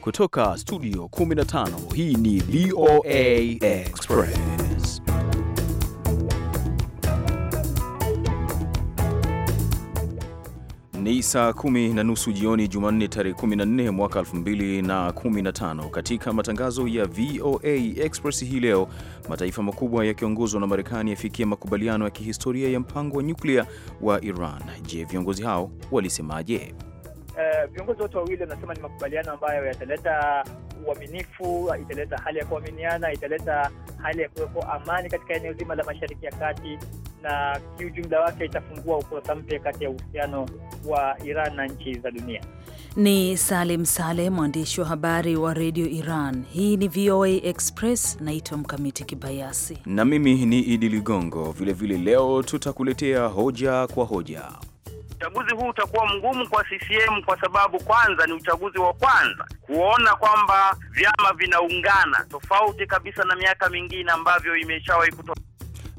Kutoka studio 15 hii ni VOA Express. Ni saa kumi na nusu jioni Jumanne tarehe 14 mwaka 2015. Katika matangazo ya VOA Express hii leo, mataifa makubwa yakiongozwa na Marekani yafikia makubaliano ya kihistoria ya mpango wa nyuklia wa Iran. Je, viongozi hao walisemaje? Eh, viongozi wote wawili wanasema ni makubaliano ambayo yataleta uaminifu, italeta hali ya kuaminiana, italeta hali ya kuwepo amani katika eneo zima la Mashariki ya Kati, na kiujumla wake itafungua ukurasa mpya kati ya uhusiano wa Iran na nchi za dunia. Ni Salim Saleh, mwandishi wa habari wa redio Iran. Hii ni VOA Express. Naitwa Mkamiti Kibayasi na mimi ni Idi Ligongo. Vilevile leo tutakuletea hoja kwa hoja uchaguzi huu utakuwa mgumu kwa CCM kwa sababu kwanza ni uchaguzi wa kwanza kuona kwamba vyama vinaungana tofauti kabisa na miaka mingine ambavyo imeshawahi kutoka.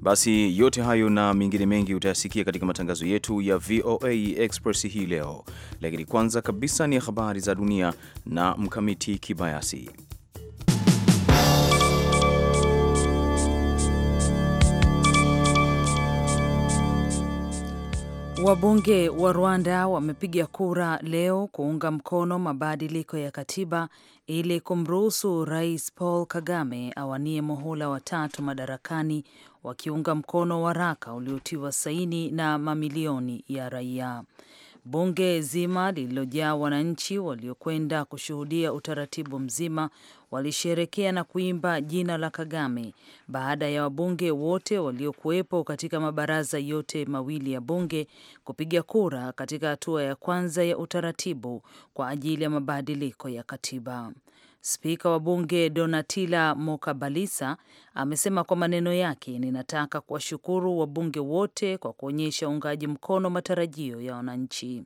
Basi yote hayo na mengine mengi utayasikia katika matangazo yetu ya VOA Express hii leo, lakini kwanza kabisa ni habari za dunia na Mkamiti Kibayasi. Wabunge wa Rwanda wamepiga kura leo kuunga mkono mabadiliko ya katiba ili kumruhusu Rais Paul Kagame awanie muhula wa tatu madarakani, wakiunga mkono waraka uliotiwa saini na mamilioni ya raia. Bunge zima lililojaa wananchi waliokwenda kushuhudia utaratibu mzima walisherekea na kuimba jina la Kagame baada ya wabunge wote waliokuwepo katika mabaraza yote mawili ya bunge kupiga kura katika hatua ya kwanza ya utaratibu kwa ajili ya mabadiliko ya katiba. Spika wa bunge donatila Mokabalisa amesema kwa maneno yake, ninataka kuwashukuru wabunge wote kwa kuonyesha uungaji mkono matarajio ya wananchi.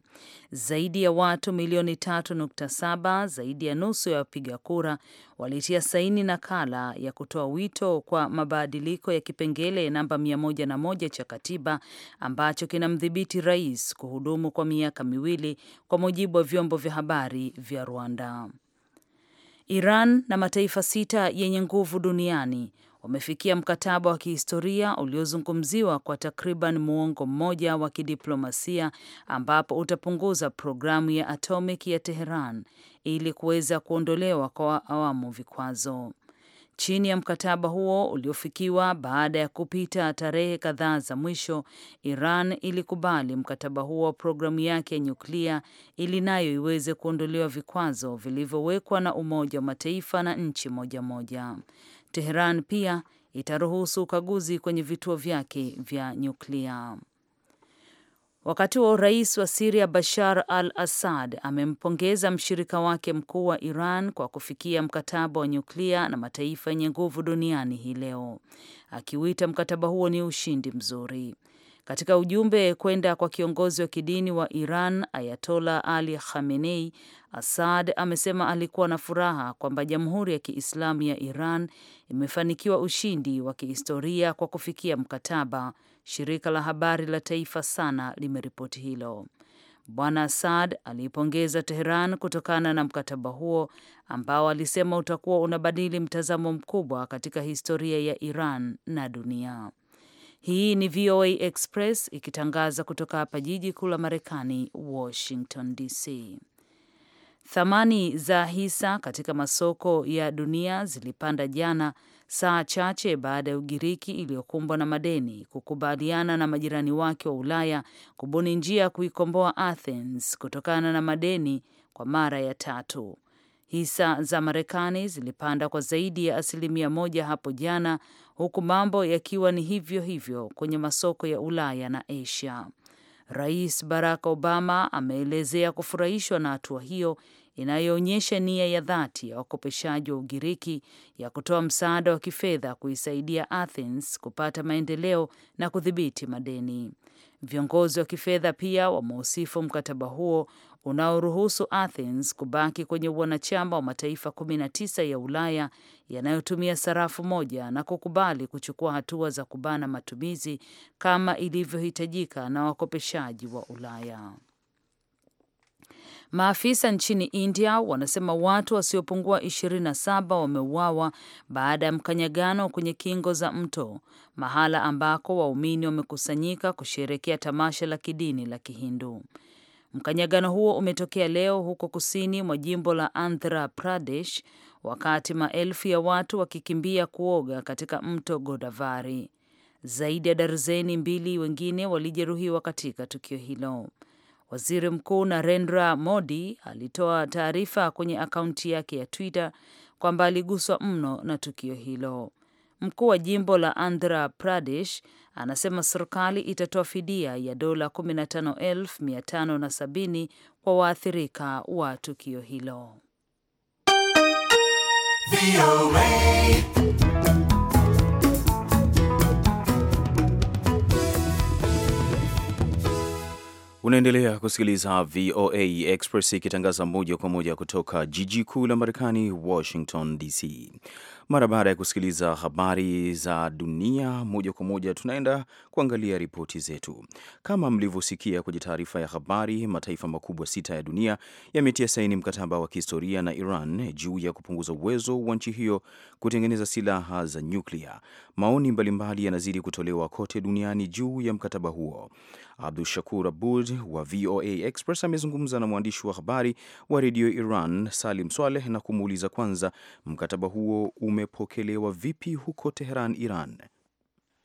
Zaidi ya watu milioni 3.7, zaidi ya nusu ya wapiga kura walitia saini nakala ya kutoa wito kwa mabadiliko ya kipengele namba 101 cha katiba ambacho kinamdhibiti rais kuhudumu kwa miaka miwili, kwa mujibu wa vyombo vya habari vya Rwanda. Iran na mataifa sita yenye nguvu duniani wamefikia mkataba wa kihistoria uliozungumziwa kwa takriban muongo mmoja wa kidiplomasia ambapo utapunguza programu ya atomic ya Teheran ili kuweza kuondolewa kwa awamu vikwazo. Chini ya mkataba huo uliofikiwa baada ya kupita tarehe kadhaa za mwisho, Iran ilikubali mkataba huo wa programu yake ya nyuklia ili nayo iweze kuondolewa vikwazo vilivyowekwa na Umoja wa Mataifa na nchi moja moja. Teheran pia itaruhusu ukaguzi kwenye vituo vyake vya nyuklia. Wakati wa urais wa Siria Bashar al Assad amempongeza mshirika wake mkuu wa Iran kwa kufikia mkataba wa nyuklia na mataifa yenye nguvu duniani hii leo, akiuita mkataba huo ni ushindi mzuri. Katika ujumbe kwenda kwa kiongozi wa kidini wa Iran Ayatola Ali Khamenei, Assad amesema alikuwa na furaha kwamba Jamhuri ya Kiislamu ya Iran imefanikiwa ushindi wa kihistoria kwa kufikia mkataba Shirika la habari la taifa SANA limeripoti hilo. Bwana Assad aliipongeza Teheran kutokana na mkataba huo ambao alisema utakuwa unabadili mtazamo mkubwa katika historia ya Iran na dunia. Hii ni VOA Express ikitangaza kutoka hapa jiji kuu la Marekani, Washington DC. Thamani za hisa katika masoko ya dunia zilipanda jana saa chache baada ya Ugiriki iliyokumbwa na madeni kukubaliana na majirani wake wa Ulaya kubuni njia ya kuikomboa Athens kutokana na madeni kwa mara ya tatu. Hisa za Marekani zilipanda kwa zaidi ya asilimia moja hapo jana, huku mambo yakiwa ni hivyo hivyo kwenye masoko ya Ulaya na Asia. Rais Barack Obama ameelezea kufurahishwa na hatua hiyo inayoonyesha nia ya dhati ya wakopeshaji wa Ugiriki ya kutoa msaada wa kifedha kuisaidia Athens kupata maendeleo na kudhibiti madeni. Viongozi wa kifedha pia wameusifu mkataba huo unaoruhusu Athens kubaki kwenye wanachama wa mataifa 19 ya Ulaya yanayotumia sarafu moja na kukubali kuchukua hatua za kubana matumizi kama ilivyohitajika na wakopeshaji wa Ulaya. Maafisa nchini India wanasema watu wasiopungua 27 wameuawa baada ya mkanyagano kwenye kingo za mto, mahala ambako waumini wamekusanyika kusherekea tamasha la kidini la Kihindu. Mkanyagano huo umetokea leo huko kusini mwa jimbo la Andhra Pradesh, wakati maelfu ya watu wakikimbia kuoga katika mto Godavari. Zaidi ya darzeni mbili wengine walijeruhiwa katika tukio hilo. Waziri Mkuu Narendra Modi alitoa taarifa kwenye akaunti yake ya Twitter kwamba aliguswa mno na tukio hilo. Mkuu wa jimbo la Andhra Pradesh anasema serikali itatoa fidia ya dola 15,570 kwa waathirika wa tukio hilo. Unaendelea kusikiliza VOA Express ikitangaza moja kwa moja kutoka jiji kuu la Marekani, Washington DC. Mara baada ya kusikiliza habari za dunia moja kwa moja, tunaenda kuangalia ripoti zetu. Kama mlivyosikia kwenye taarifa ya habari, mataifa makubwa sita ya dunia yametia saini mkataba wa kihistoria na Iran juu ya kupunguza uwezo wa nchi hiyo kutengeneza silaha za nyuklia, Maoni mbalimbali yanazidi kutolewa kote duniani juu ya mkataba huo. Abdu Shakur Abud wa VOA Express amezungumza na mwandishi wa habari wa redio Iran Salim Swaleh na kumuuliza kwanza, mkataba huo umepokelewa vipi huko Teheran, Iran?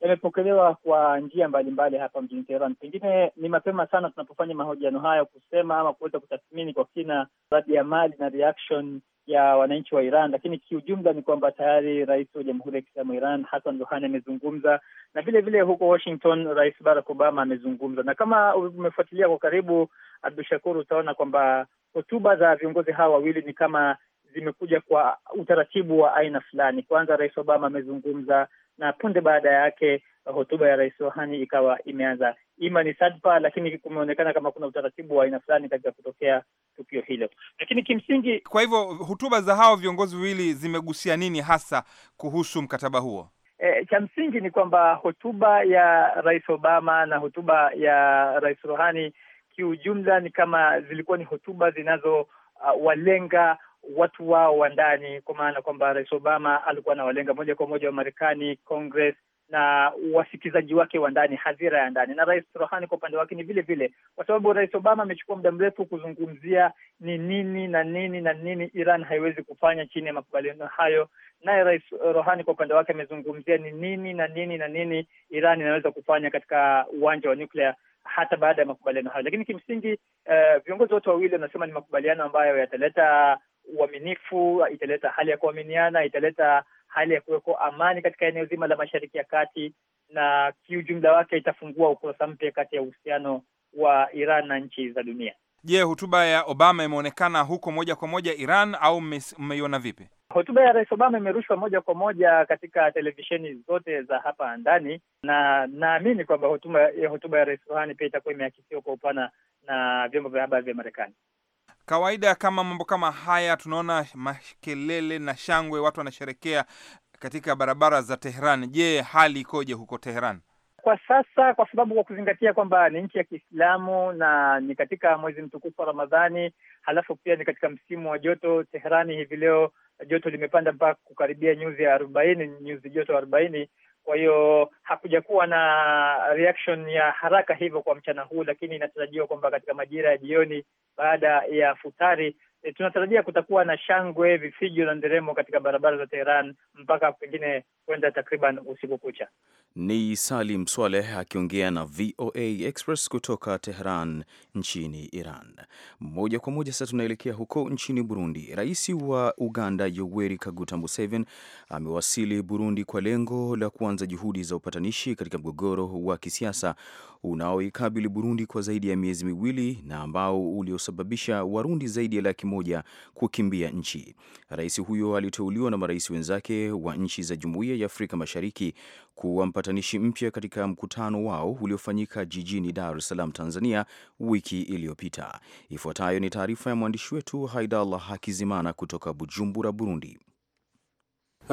Yamepokelewa kwa njia mbalimbali hapa mjini Teheran. Pengine ni mapema sana tunapofanya mahojiano hayo kusema ama kuweza kutathmini kwa kina radi ya mali na reaction ya wananchi wa Iran, lakini kiujumla ni kwamba tayari rais wa Jamhuri ya Kiislamu Iran Hassan ruhani amezungumza na vile vile huko Washington Rais Barack Obama amezungumza, na kama umefuatilia kwa karibu, Abdu Shakur, utaona kwamba hotuba za viongozi hawa wawili ni kama zimekuja kwa utaratibu wa aina fulani. Kwanza Rais Obama amezungumza na punde baada yake hotuba ya Rais Rohani ikawa imeanza. Ima ni sadfa, lakini kumeonekana kama kuna utaratibu wa aina fulani katika kutokea tukio hilo, lakini kimsingi. Kwa hivyo hotuba za hao viongozi wawili zimegusia nini hasa kuhusu mkataba huo? E, cha msingi ni kwamba hotuba ya Rais Obama na hotuba ya Rais Rohani kiujumla ni kama zilikuwa ni hotuba zinazowalenga uh, watu wao wa ndani, kwa maana kwamba Rais Obama alikuwa anawalenga moja kwa moja wa Marekani, Congress na wasikilizaji wake wa ndani, hadhira ya ndani. Na Rais Rohani kwa upande wake ni vile vile, kwa sababu Rais Obama amechukua muda mrefu kuzungumzia ni nini na nini na nini Iran haiwezi kufanya chini ya makubaliano hayo, naye Rais Rohani kwa upande wake amezungumzia ni nini na nini na nini Iran inaweza kufanya katika uwanja wa nyuklia hata baada ya makubaliano hayo. Lakini kimsingi uh, viongozi wote wawili wanasema ni makubaliano ambayo yataleta uaminifu, italeta hali ya kuaminiana, italeta hali ya kuweko amani katika eneo zima la Mashariki ya Kati, na kiujumla wake itafungua ukurasa mpya kati ya uhusiano wa Iran na nchi za dunia. Je, hotuba ya Obama imeonekana huko moja kwa moja Iran au mmeiona vipi? Hotuba ya Rais Obama imerushwa moja kwa moja katika televisheni zote za hapa ndani, na naamini kwamba hotuba, ya Rais Rohani pia itakuwa imeakisiwa kwa upana na vyombo vya habari vya Marekani. Kawaida kama mambo kama haya tunaona makelele na shangwe, watu wanasherekea katika barabara za teheran Je, hali ikoje huko teheran kwa sasa? Kwa sababu kwa kuzingatia kwamba ni nchi ya Kiislamu na ni katika mwezi mtukufu wa Ramadhani, halafu pia ni katika msimu wa joto, Teherani hivi leo joto limepanda mpaka kukaribia nyuzi ya arobaini, nyuzi joto arobaini. Kwa hiyo hakujakuwa na reaction ya haraka hivyo kwa mchana huu, lakini inatarajiwa kwamba katika majira ya jioni baada ya futari e, tunatarajia kutakuwa na shangwe, vifijo na nderemo katika barabara za Teheran mpaka pengine kwenda takriban usiku kucha. Ni Salim Swaleh akiongea na VOA Express kutoka Teheran nchini Iran. Moja kwa moja sasa tunaelekea huko nchini Burundi. Rais wa Uganda Yoweri Kaguta Museveni amewasili Burundi kwa lengo la kuanza juhudi za upatanishi katika mgogoro wa kisiasa unaoikabili Burundi kwa zaidi ya miezi miwili na ambao uliosababisha Warundi zaidi ya laki moja kukimbia nchi. Rais huyo aliteuliwa na marais wenzake wa nchi za Jumuiya ya Afrika Mashariki kuwa mpatanishi mpya katika mkutano wao uliofanyika jijini Dar es Salaam, Tanzania, wiki iliyopita. Ifuatayo ni taarifa ya mwandishi wetu Haidallah Hakizimana kutoka Bujumbura, Burundi.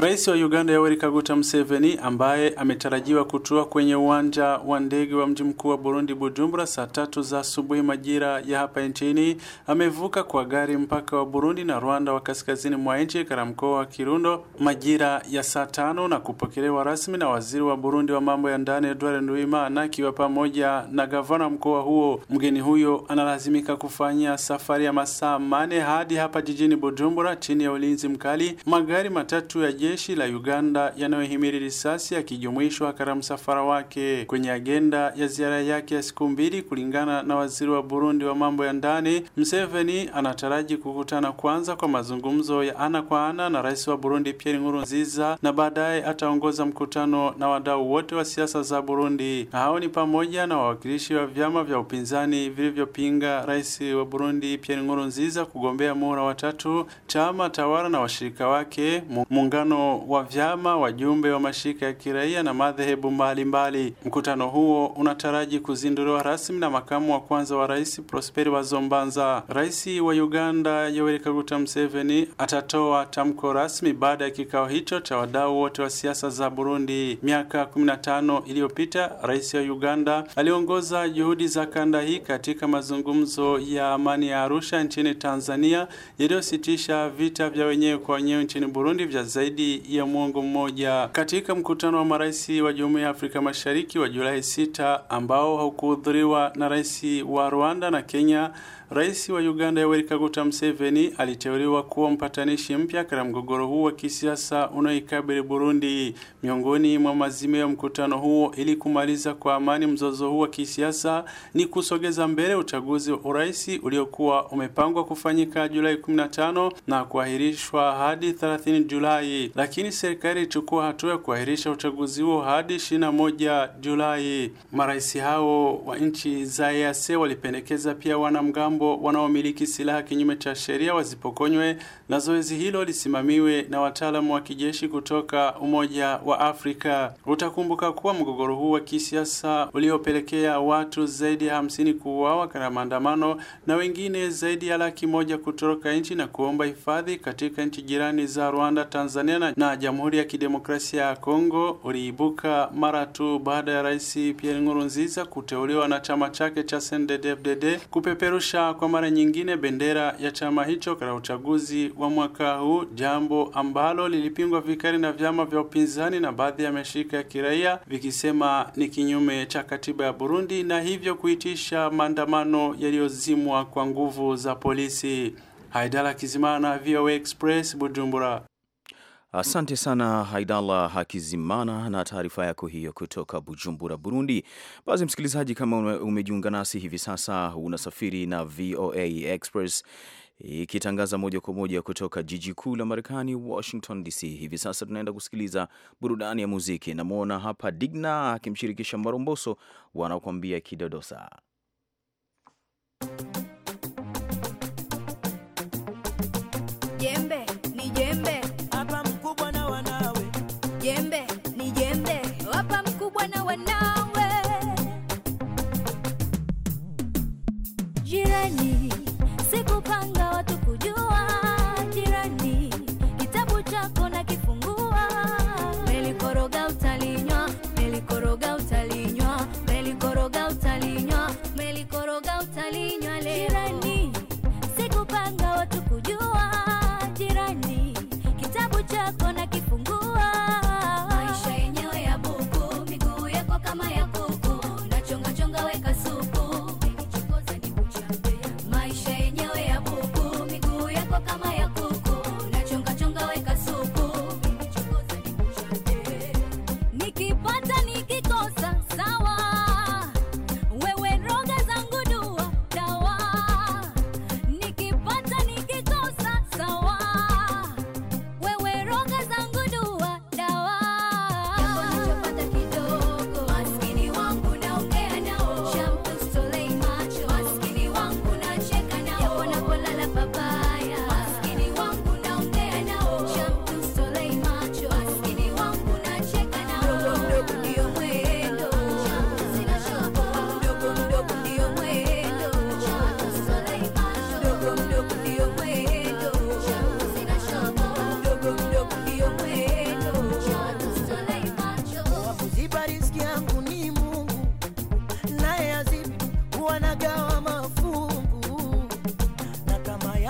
Rais wa Uganda Yoweri Kaguta Museveni ambaye ametarajiwa kutua kwenye uwanja wa ndege wa mji mkuu wa Burundi Bujumbura saa tatu za asubuhi majira ya hapa nchini amevuka kwa gari mpaka wa Burundi na Rwanda wa kaskazini mwa nchi katika mkoa wa Kirundo majira ya saa tano na kupokelewa rasmi na waziri wa Burundi wa mambo ya ndani Edouard Nduimana akiwa pamoja na gavana mkoa huo. Mgeni huyo analazimika kufanya safari ya masaa mane hadi hapa jijini Bujumbura chini ya ulinzi mkali. Magari matatu ya jeshi la Uganda yanayohimili risasi akijumuishwa katika msafara wake kwenye agenda ya ziara yake ya siku mbili. Kulingana na waziri wa Burundi wa mambo ya ndani, Museveni anataraji kukutana kwanza kwa mazungumzo ya ana kwa ana na rais wa Burundi Pierre Nkurunziza, na baadaye ataongoza mkutano na wadau wote wa siasa za Burundi. Hao ni pamoja na wawakilishi wa vyama vya upinzani vilivyopinga rais wa Burundi Pierre Nkurunziza kugombea muhula watatu, chama tawala na washirika wake muungano mkutano wa vyama, wajumbe wa mashirika ya kiraia na madhehebu mbalimbali. Mkutano huo unataraji kuzinduliwa rasmi na makamu wa kwanza wa rais Prosperi Bazombanza. Rais wa Uganda Yoweri Kaguta Museveni atatoa tamko rasmi baada ya kikao hicho cha wadau wote wa siasa za Burundi. Miaka 15 iliyopita, rais wa Uganda aliongoza juhudi za kanda hii katika mazungumzo ya amani ya Arusha nchini Tanzania yaliyositisha vita vya wenyewe kwa wenyewe nchini Burundi vya zaidi zaidi ya mwongo mmoja katika mkutano wa marais wa Jumuiya ya Afrika Mashariki wa Julai 6 ambao haukuhudhuriwa na rais wa Rwanda na Kenya. Rais wa Uganda Yoweri Kaguta Museveni aliteuliwa kuwa mpatanishi mpya katika mgogoro huu wa kisiasa unaoikabili Burundi. Miongoni mwa mazimio ya mkutano huo ili kumaliza kwa amani mzozo huu wa kisiasa ni kusogeza mbele uchaguzi wa urais uliokuwa umepangwa kufanyika Julai 15 na kuahirishwa hadi 30 Julai lakini serikali ilichukua hatua ya kuahirisha uchaguzi huo hadi 21 Julai. Marais hao wa nchi za EAC walipendekeza pia wanamgambo wanaomiliki silaha kinyume cha sheria wazipokonywe na zoezi hilo lisimamiwe na wataalamu wa kijeshi kutoka Umoja wa Afrika. Utakumbuka kuwa mgogoro huu wa kisiasa uliopelekea watu zaidi ya hamsini kuuawa katika maandamano na wengine zaidi ya laki moja kutoroka nchi na kuomba hifadhi katika nchi jirani za Rwanda, Tanzania tena na Jamhuri ya Kidemokrasia ya Kongo uliibuka mara tu baada ya Rais Pierre Nkurunziza kuteuliwa na chama chake cha CNDD-FDD kupeperusha kwa mara nyingine bendera ya chama hicho katika uchaguzi wa mwaka huu, jambo ambalo lilipingwa vikali na vyama vya upinzani na baadhi ya mashirika ya kiraia vikisema ni kinyume cha katiba ya Burundi na hivyo kuitisha maandamano yaliyozimwa kwa nguvu za polisi. Haidala Kizimana, VOA Express, Bujumbura. Asante sana Haidala Hakizimana na taarifa yako hiyo kutoka Bujumbura, Burundi. Basi msikilizaji, kama umejiunga nasi hivi sasa, unasafiri na VOA Express ikitangaza moja kwa moja kutoka jiji kuu la Marekani, Washington DC. Hivi sasa tunaenda kusikiliza burudani ya muziki. Namwona hapa Digna akimshirikisha Maromboso, wanakuambia kidodosa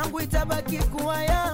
yangu itabaki kuwa yangu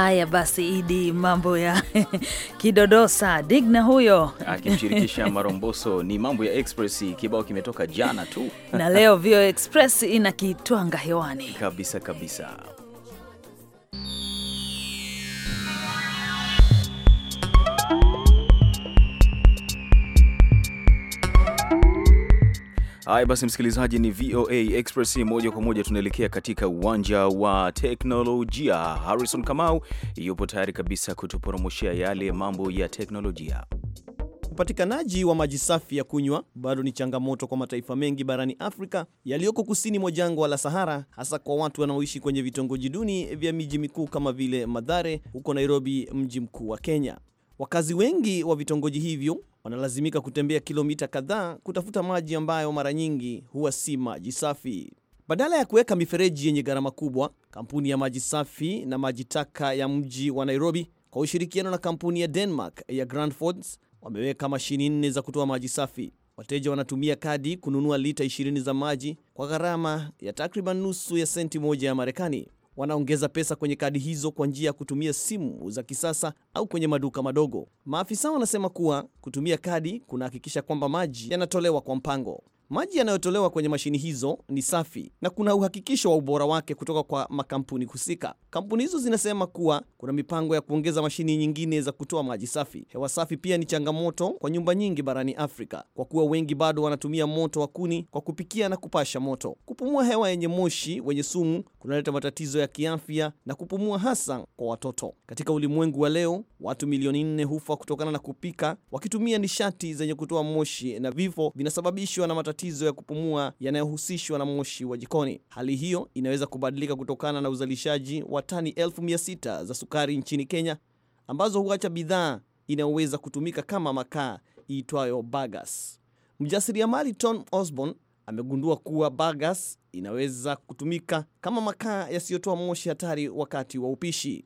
Haya basi, Idi, mambo ya kidodosa digna huyo akimshirikisha Maromboso ni mambo ya Express. Kibao kimetoka jana tu na leo Vio Express inakitwanga hewani kabisa kabisa. Haya basi, msikilizaji, ni VOA Express moja kwa moja, tunaelekea katika uwanja wa teknolojia. Harrison Kamau yupo tayari kabisa kutuporomoshea yale mambo ya teknolojia. Upatikanaji wa maji safi ya kunywa bado ni changamoto kwa mataifa mengi barani Afrika yaliyoko kusini mwa jangwa la Sahara, hasa kwa watu wanaoishi kwenye vitongoji duni vya miji mikuu kama vile Madhare huko Nairobi, mji mkuu wa Kenya. Wakazi wengi wa vitongoji hivyo wanalazimika kutembea kilomita kadhaa kutafuta maji ambayo mara nyingi huwa si maji safi. Badala ya kuweka mifereji yenye gharama kubwa, kampuni ya maji safi na maji taka ya mji wa Nairobi kwa ushirikiano na kampuni ya Denmark ya Grandfords wameweka mashini nne za kutoa maji safi. Wateja wanatumia kadi kununua lita 20 za maji kwa gharama ya takriban nusu ya senti moja ya Marekani wanaongeza pesa kwenye kadi hizo kwa njia ya kutumia simu za kisasa au kwenye maduka madogo. Maafisa wanasema kuwa kutumia kadi kunahakikisha kwamba maji yanatolewa kwa mpango. Maji yanayotolewa kwenye mashini hizo ni safi na kuna uhakikisho wa ubora wake kutoka kwa makampuni husika. Kampuni hizo zinasema kuwa kuna mipango ya kuongeza mashini nyingine za kutoa maji safi. Hewa safi pia ni changamoto kwa nyumba nyingi barani Afrika kwa kuwa wengi bado wanatumia moto wa kuni kwa kupikia na kupasha moto. Kupumua hewa yenye moshi wenye sumu kunaleta matatizo ya kiafya na kupumua, hasa kwa watoto. Katika ulimwengu wa leo, watu milioni nne hufa kutokana na kupika wakitumia nishati zenye kutoa moshi na vifo vinasababishwa na matatizo matatizo ya kupumua yanayohusishwa na moshi wa jikoni. Hali hiyo inaweza kubadilika kutokana na uzalishaji wa tani elfu mia sita za sukari nchini Kenya ambazo huacha bidhaa inayoweza kutumika kama makaa iitwayo bagas. Mjasiriamali Tom Osborne amegundua kuwa bagas inaweza kutumika kama makaa yasiyotoa moshi hatari wakati wa upishi.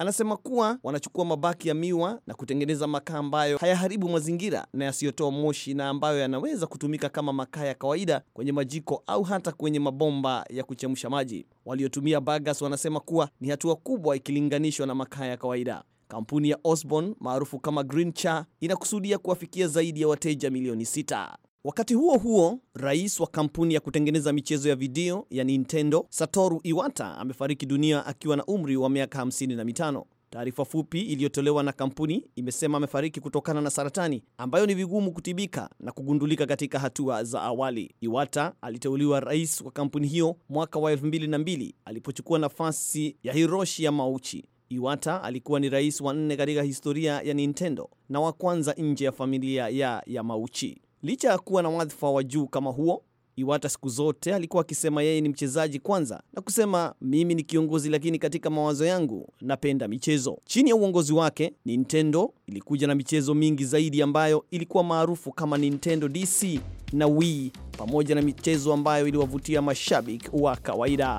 Anasema kuwa wanachukua mabaki ya miwa na kutengeneza makaa ambayo hayaharibu mazingira na yasiyotoa moshi na ambayo yanaweza kutumika kama makaa ya kawaida kwenye majiko au hata kwenye mabomba ya kuchemsha maji. Waliotumia bagas wanasema kuwa ni hatua kubwa ikilinganishwa na makaa ya kawaida. Kampuni ya Osborn maarufu kama Green Char inakusudia kuwafikia zaidi ya wateja milioni sita. Wakati huo huo, rais wa kampuni ya kutengeneza michezo ya video ya Nintendo Satoru Iwata amefariki dunia akiwa na umri wa miaka 55. Taarifa fupi iliyotolewa na kampuni imesema amefariki kutokana na saratani ambayo ni vigumu kutibika na kugundulika katika hatua za awali. Iwata aliteuliwa rais wa kampuni hiyo mwaka wa 2002 alipochukua nafasi ya Hiroshi Yamauchi. Iwata alikuwa ni rais wa nne katika historia ya Nintendo na wa kwanza nje ya familia ya Yamauchi. Licha ya kuwa na wadhifa wa juu kama huo, Iwata siku zote alikuwa akisema yeye ni mchezaji kwanza na kusema mimi ni kiongozi, lakini katika mawazo yangu napenda michezo. Chini ya uongozi wake, Nintendo ilikuja na michezo mingi zaidi ambayo ilikuwa maarufu kama Nintendo DC na Wii pamoja na michezo ambayo iliwavutia mashabiki wa kawaida.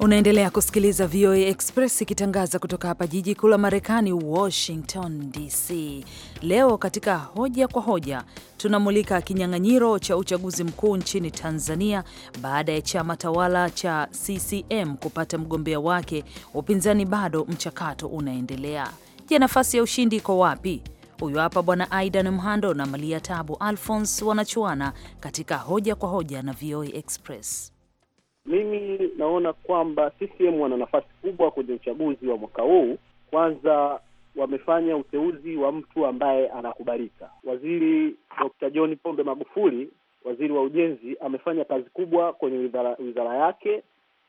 Unaendelea kusikiliza VOA Express ikitangaza kutoka hapa jiji kuu la Marekani, Washington DC. Leo katika hoja kwa hoja tunamulika kinyang'anyiro cha uchaguzi mkuu nchini Tanzania baada ya chama tawala cha CCM kupata mgombea wake, upinzani bado mchakato unaendelea. Je, nafasi ya ushindi iko wapi? Huyu hapa Bwana Aidan Mhando na Malia Tabu Alphons wanachuana katika hoja kwa hoja na VOA Express. Mimi naona kwamba CCM wana nafasi kubwa kwenye uchaguzi wa mwaka huu. Kwanza wamefanya uteuzi wa mtu ambaye anakubalika. Waziri Dr. John Pombe Magufuli, waziri wa ujenzi, amefanya kazi kubwa kwenye wizara, wizara yake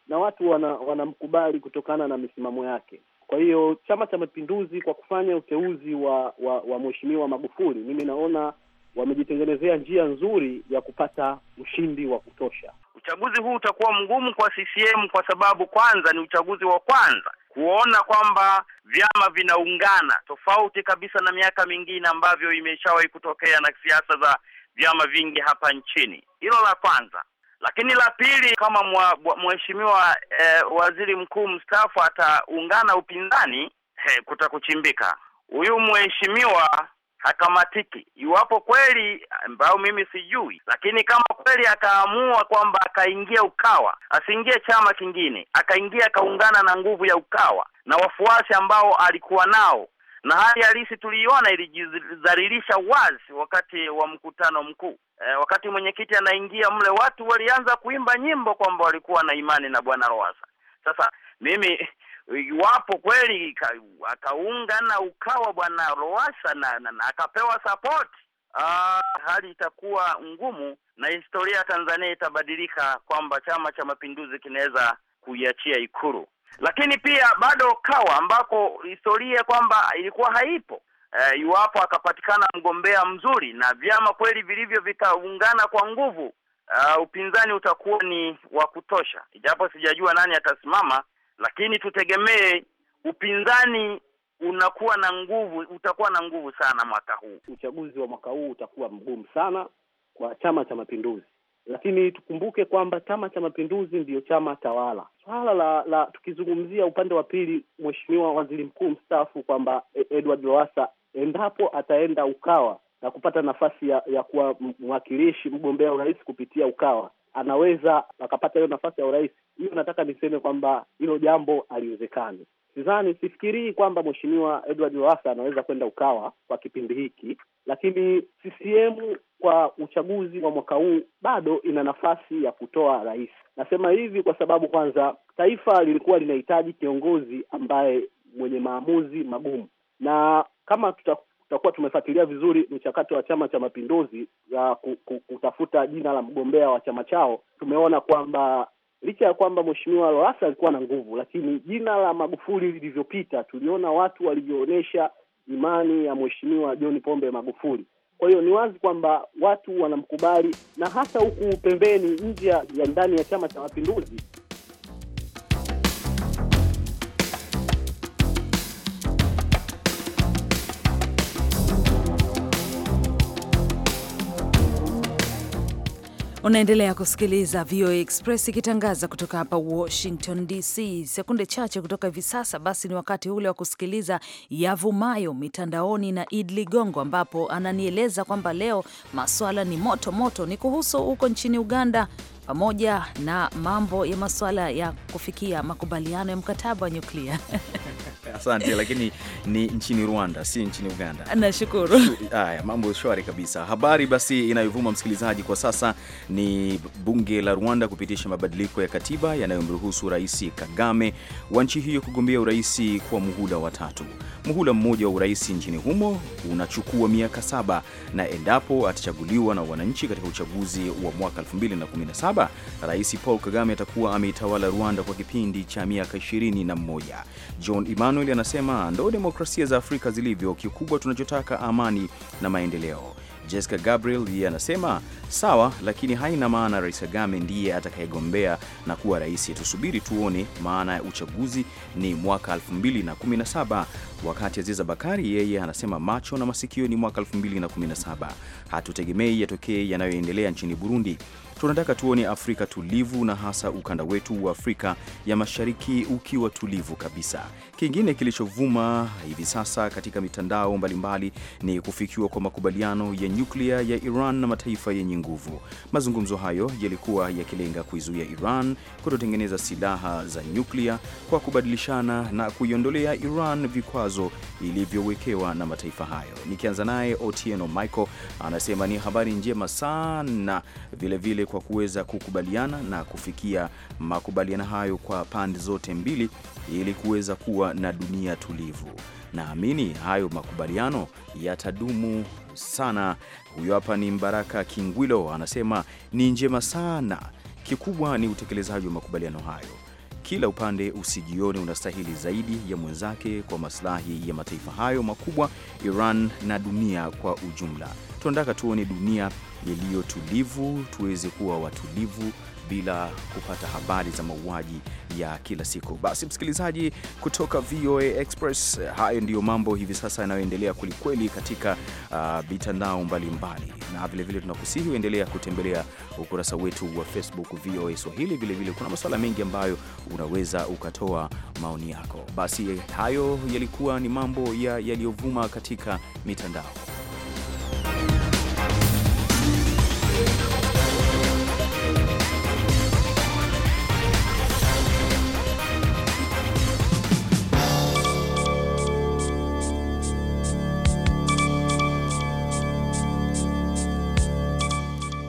na watu wana, wanamkubali kutokana na misimamo yake. Kwa hiyo Chama cha Mapinduzi kwa kufanya uteuzi wa wa, wa Mheshimiwa Magufuli, mimi naona wamejitengenezea njia nzuri ya kupata ushindi wa kutosha. Uchaguzi huu utakuwa mgumu kwa CCM kwa sababu kwanza ni uchaguzi wa kwanza kuona kwamba vyama vinaungana, tofauti kabisa na miaka mingine ambavyo imeshawahi kutokea na siasa za vyama vingi hapa nchini. Hilo la kwanza, lakini la pili, kama mheshimiwa eh, waziri mkuu mstaafu ataungana upinzani, eh, kutakuchimbika. Huyu mheshimiwa hakamatiki. Iwapo kweli ambayo mimi sijui, lakini kama kweli akaamua kwamba akaingia Ukawa, asiingie chama kingine, akaingia akaungana na nguvu ya Ukawa na wafuasi ambao alikuwa nao na hali halisi tuliiona ilijidhalilisha wazi wakati wa mkutano mkuu. E, wakati mwenyekiti anaingia mle, watu walianza kuimba nyimbo kwamba walikuwa na imani na bwana roasa Sasa mimi iwapo kweli akaungana ukawa bwana Roasa na, na, na akapewa support ah, hali itakuwa ngumu na historia ya Tanzania itabadilika kwamba Chama cha Mapinduzi kinaweza kuiachia ikuru lakini pia bado Kawa ambako historia kwamba ilikuwa haipo eh, iwapo akapatikana mgombea mzuri na vyama kweli vilivyo vitaungana kwa nguvu, uh, upinzani utakuwa ni wa kutosha, ijapo sijajua nani atasimama lakini tutegemee upinzani unakuwa na nguvu, utakuwa na nguvu sana mwaka huu. Uchaguzi wa mwaka huu utakuwa mgumu sana kwa Chama cha Mapinduzi, lakini tukumbuke kwamba Chama cha Mapinduzi ndiyo chama tawala. Swala la la tukizungumzia upande wa pili, Mheshimiwa Waziri Mkuu mstaafu kwamba e, Edward Lowassa endapo ataenda Ukawa na kupata nafasi ya, ya kuwa mwakilishi mgombea urais kupitia Ukawa anaweza akapata hiyo nafasi ya urais. Hiyo nataka niseme kwamba hilo jambo haliwezekani. Sidhani, sifikirii kwamba mheshimiwa Edward Lowassa anaweza kwenda Ukawa kwa kipindi hiki, lakini CCM kwa uchaguzi wa mwaka huu bado ina nafasi ya kutoa rais. Nasema hivi kwa sababu kwanza, taifa lilikuwa linahitaji kiongozi ambaye mwenye maamuzi magumu, na kama tuta tutakuwa tumefuatilia vizuri mchakato wa Chama cha Mapinduzi ya kutafuta jina la mgombea wa chama chao. Tumeona kwamba licha ya kwamba Mheshimiwa Lowassa alikuwa na nguvu, lakini jina la Magufuli lilivyopita, tuliona watu walivyoonyesha imani ya Mheshimiwa John Pombe Magufuli. Kwa hiyo ni wazi kwamba watu wanamkubali na hasa huku pembeni, nje ya ndani ya Chama cha Mapinduzi, Unaendelea kusikiliza VOA Express ikitangaza kutoka hapa Washington DC. Sekunde chache kutoka hivi sasa, basi ni wakati ule wa kusikiliza yavumayo mitandaoni na Id Ligongo, ambapo ananieleza kwamba leo maswala ni moto moto, ni kuhusu huko nchini Uganda pamoja na mambo ya maswala ya kufikia makubaliano ya mkataba wa nyuklia Asante, lakini ni nchini Rwanda, si nchini Uganda. Nashukuru. Haya, mambo shwari kabisa. Habari basi inayovuma msikilizaji kwa sasa ni bunge la Rwanda kupitisha mabadiliko ya katiba yanayomruhusu Rais Kagame wa nchi hiyo kugombea urais kwa muhula wa tatu. Muhula mmoja wa urais nchini humo unachukua miaka saba, na endapo atachaguliwa na wananchi katika uchaguzi wa mwaka 2017 Rais Paul Kagame atakuwa ameitawala Rwanda kwa kipindi cha miaka 21. John Imanu Emmanuel anasema ndo demokrasia za Afrika zilivyo, kikubwa tunachotaka amani na maendeleo. Jessica Gabriel yeye anasema sawa, lakini haina maana Rais Kagame ndiye atakayegombea na kuwa rais. Tusubiri tuone, maana ya uchaguzi ni mwaka 2017. Wakati Aziza Bakari yeye anasema macho na masikio ni mwaka 2017, hatutegemei yatokee yanayoendelea nchini Burundi. Tunataka tuone Afrika tulivu na hasa ukanda wetu wa Afrika ya Mashariki ukiwa tulivu kabisa. Kingine kilichovuma hivi sasa katika mitandao mbalimbali mbali ni kufikiwa kwa makubaliano ya nyuklia ya Iran na mataifa yenye nguvu. Mazungumzo hayo yalikuwa yakilenga kuizuia Iran kutotengeneza silaha za nyuklia kwa kubadilishana na kuiondolea Iran vikwazo ilivyowekewa na mataifa hayo. Nikianza naye Otieno Michael anasema ni habari njema sana vilevile kwa kuweza kukubaliana na kufikia makubaliano hayo kwa pande zote mbili ili kuweza kuwa na dunia tulivu. Naamini hayo makubaliano yatadumu sana. Huyo hapa ni Mbaraka Kingwilo anasema ni njema sana. Kikubwa ni utekelezaji wa makubaliano hayo. Kila upande usijione unastahili zaidi ya mwenzake kwa maslahi ya mataifa hayo makubwa, Iran na dunia kwa ujumla tunataka tuone dunia iliyo tulivu, tuweze kuwa watulivu bila kupata habari za mauaji ya kila siku. Basi msikilizaji, kutoka VOA Express, hayo ndiyo mambo hivi sasa yanayoendelea kwelikweli katika uh, mitandao mbalimbali, na vilevile tunakusihi uendelea kutembelea ukurasa wetu wa Facebook VOA Swahili. Vilevile kuna masuala mengi ambayo unaweza ukatoa maoni yako. Basi hayo yalikuwa ni mambo yaliyovuma katika mitandao.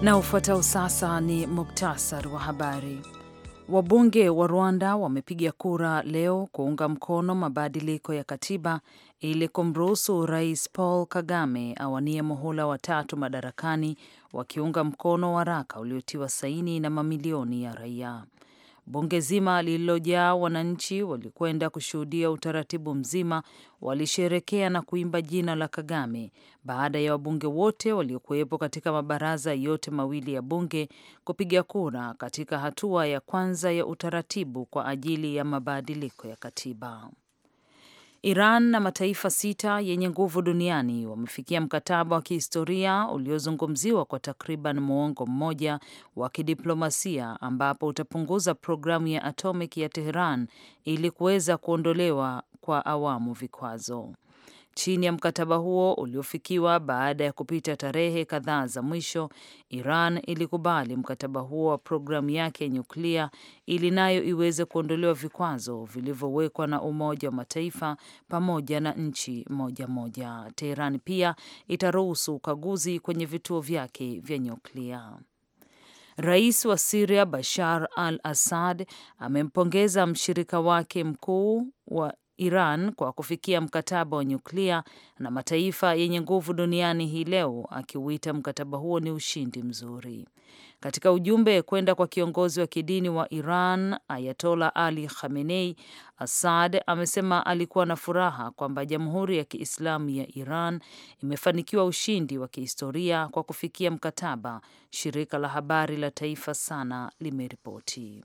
Na ufuatao sasa ni muktasar wa habari. Wabunge wa Rwanda wamepiga kura leo kuunga mkono mabadiliko ya katiba ili kumruhusu Rais Paul Kagame awanie muhula wa tatu madarakani, wakiunga mkono waraka uliotiwa saini na mamilioni ya raia. Bunge zima lililojaa wananchi walikwenda kushuhudia utaratibu mzima, walisherekea na kuimba jina la Kagame baada ya wabunge wote waliokuwepo katika mabaraza yote mawili ya bunge kupiga kura katika hatua ya kwanza ya utaratibu kwa ajili ya mabadiliko ya katiba. Iran na mataifa sita yenye nguvu duniani wamefikia mkataba wa kihistoria uliozungumziwa kwa takriban muongo mmoja wa kidiplomasia ambapo utapunguza programu ya atomic ya Teheran ili kuweza kuondolewa kwa awamu vikwazo. Chini ya mkataba huo uliofikiwa baada ya kupita tarehe kadhaa za mwisho, Iran ilikubali mkataba huo wa programu yake ya nyuklia ili nayo iweze kuondolewa vikwazo vilivyowekwa na Umoja wa Mataifa pamoja na nchi moja moja. Teheran pia itaruhusu ukaguzi kwenye vituo vyake vya nyuklia. Rais wa Siria Bashar al Assad amempongeza mshirika wake mkuu wa Iran kwa kufikia mkataba wa nyuklia na mataifa yenye nguvu duniani hii leo, akiuita mkataba huo ni ushindi mzuri. Katika ujumbe kwenda kwa kiongozi wa kidini wa Iran Ayatola Ali Khamenei, Assad amesema alikuwa na furaha kwamba Jamhuri ya Kiislamu ya Iran imefanikiwa ushindi wa kihistoria kwa kufikia mkataba, shirika la habari la taifa SANA limeripoti.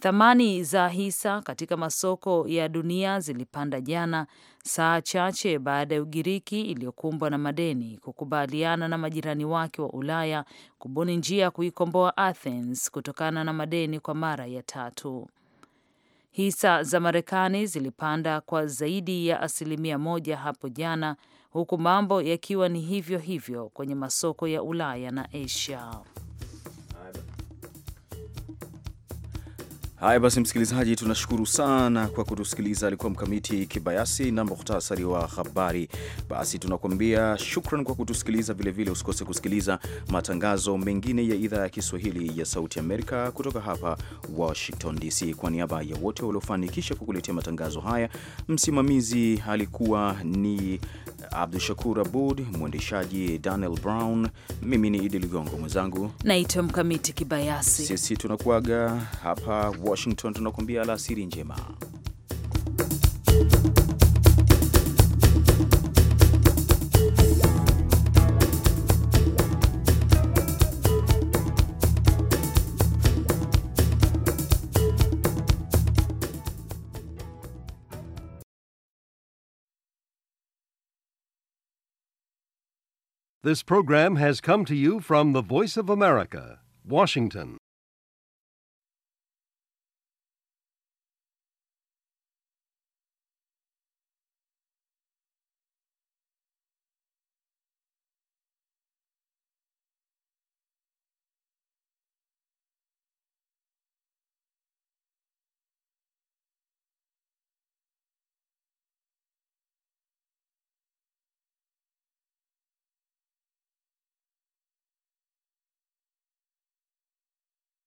Thamani za hisa katika masoko ya dunia zilipanda jana, saa chache baada ya Ugiriki iliyokumbwa na madeni kukubaliana na majirani wake wa Ulaya kubuni njia ya kuikomboa Athens kutokana na madeni kwa mara ya tatu. Hisa za Marekani zilipanda kwa zaidi ya asilimia moja hapo jana, huku mambo yakiwa ni hivyo hivyo kwenye masoko ya Ulaya na Asia. Haya basi, msikilizaji, tunashukuru sana kwa kutusikiliza. Alikuwa Mkamiti Kibayasi na muhtasari wa habari. Basi tunakuambia shukran kwa kutusikiliza, vilevile usikose kusikiliza matangazo mengine ya idhaa ya Kiswahili ya Sauti Amerika kutoka hapa Washington DC. Kwa niaba ya wote waliofanikisha kukuletea matangazo haya, msimamizi alikuwa ni Abdu Shakur Abud, mwendeshaji Daniel Brown, mimi ni Idi Ligongo, mwenzangu naitwa Mkamiti Kibayasi. Sisi tunakuaga hapa Washington tunakuambia alasiri njema. This program has come to you from the Voice of America, Washington.